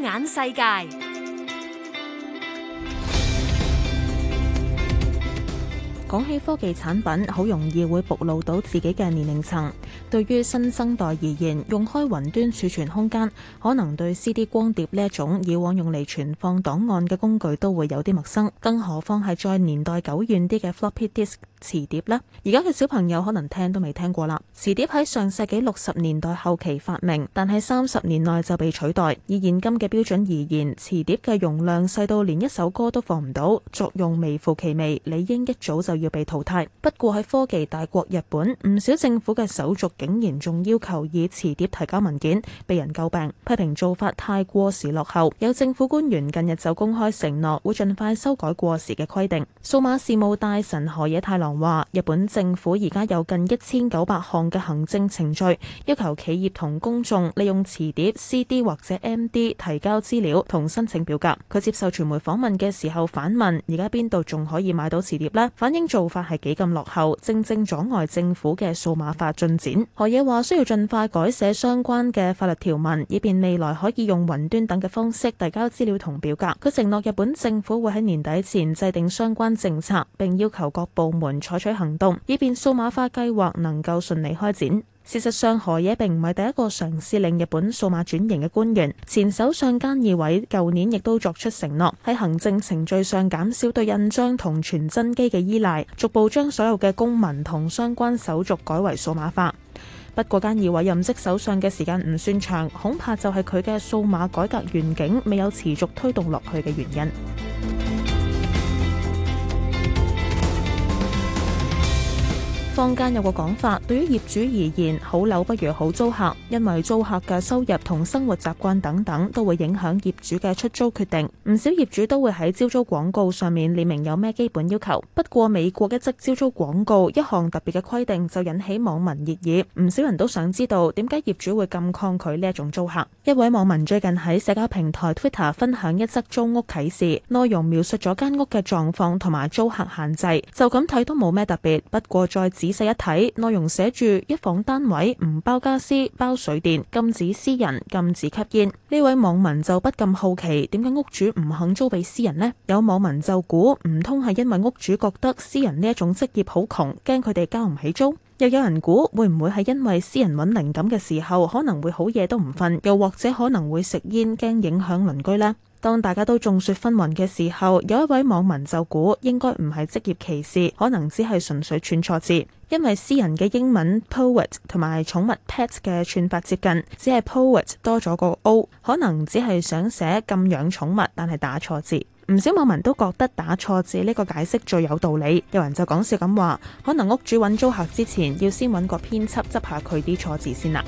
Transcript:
眼世界，講起科技產品，好容易會暴露到自己嘅年齡層。對於新生代而言，用開雲端儲存空間，可能對 CD 光碟，呢一種以往用嚟存放檔案嘅工具都會有啲陌生，更何況係再年代久遠啲嘅 Floppy Disk。磁碟呢，而家嘅小朋友可能聽都未聽過啦。磁碟喺上世紀六十年代後期發明，但係三十年內就被取代。以現今嘅標準而言，磁碟嘅容量細到連一首歌都放唔到，作用微乎其微，理應一早就要被淘汰。不過喺科技大國日本，唔少政府嘅手續竟然仲要求以磁碟提交文件，被人詬病批評做法太過時落後。有政府官員近日就公開承諾會盡快修改過時嘅規定。數碼事務大臣河野太郎，話日本政府而家有近一千九百項嘅行政程序，要求企業同公眾利用磁碟、C.D. 或者 M.D. 提交資料同申請表格。佢接受傳媒訪問嘅時候反問：而家邊度仲可以買到磁碟呢？反映做法係幾咁落後，正正阻礙政府嘅數碼化進展。河野話需要盡快改寫相關嘅法律條文，以便未來可以用雲端等嘅方式遞交資料同表格。佢承諾日本政府會喺年底前制定相關政策，並要求各部門。採取行動，以便數碼化計劃能夠順利開展。事實上，何野並唔係第一個嘗試令日本數碼轉型嘅官員，前首相菅義偉舊年亦都作出承諾，喺行政程序上減少對印章同傳真機嘅依賴，逐步將所有嘅公民同相關手續改為數碼化。不過菅義偉任職首相嘅時間唔算長，恐怕就係佢嘅數碼改革願景未有持續推動落去嘅原因。坊間有個講法，對於業主而言，好樓不如好租客，因為租客嘅收入同生活習慣等等都會影響業主嘅出租決定。唔少業主都會喺招租廣告上面列明有咩基本要求。不過美國一則招租廣告，一項特別嘅規定就引起網民熱議。唔少人都想知道點解業主會咁抗拒呢一種租客。一位網民最近喺社交平台 Twitter 分享一則租屋啟示，內容描述咗間屋嘅狀況同埋租客限制，就咁睇都冇咩特別。不過再指細一睇，內容寫住一房單位唔包家私，包水電，禁止詩人，禁止吸煙。呢位網民就不禁好奇，點解屋主唔肯租俾詩人呢？有網民就估唔通係因為屋主覺得詩人呢一種職業好窮，驚佢哋交唔起租。又有人估會唔會係因為詩人搵靈感嘅時候可能會好夜都唔瞓，又或者可能會食煙，驚影響鄰居呢？當大家都眾說紛紜嘅時候，有一位網民就估應該唔係職業歧視，可能只係純粹串錯字，因為詩人嘅英文 poet 同埋寵物 pet 嘅串法接近，只係 poet 多咗個 o，可能只係想寫禁養寵物，但係打錯字。唔少網民都覺得打錯字呢個解釋最有道理，有人就講笑咁話說，可能屋主揾租客之前要先揾個編輯執下佢啲錯字先啦。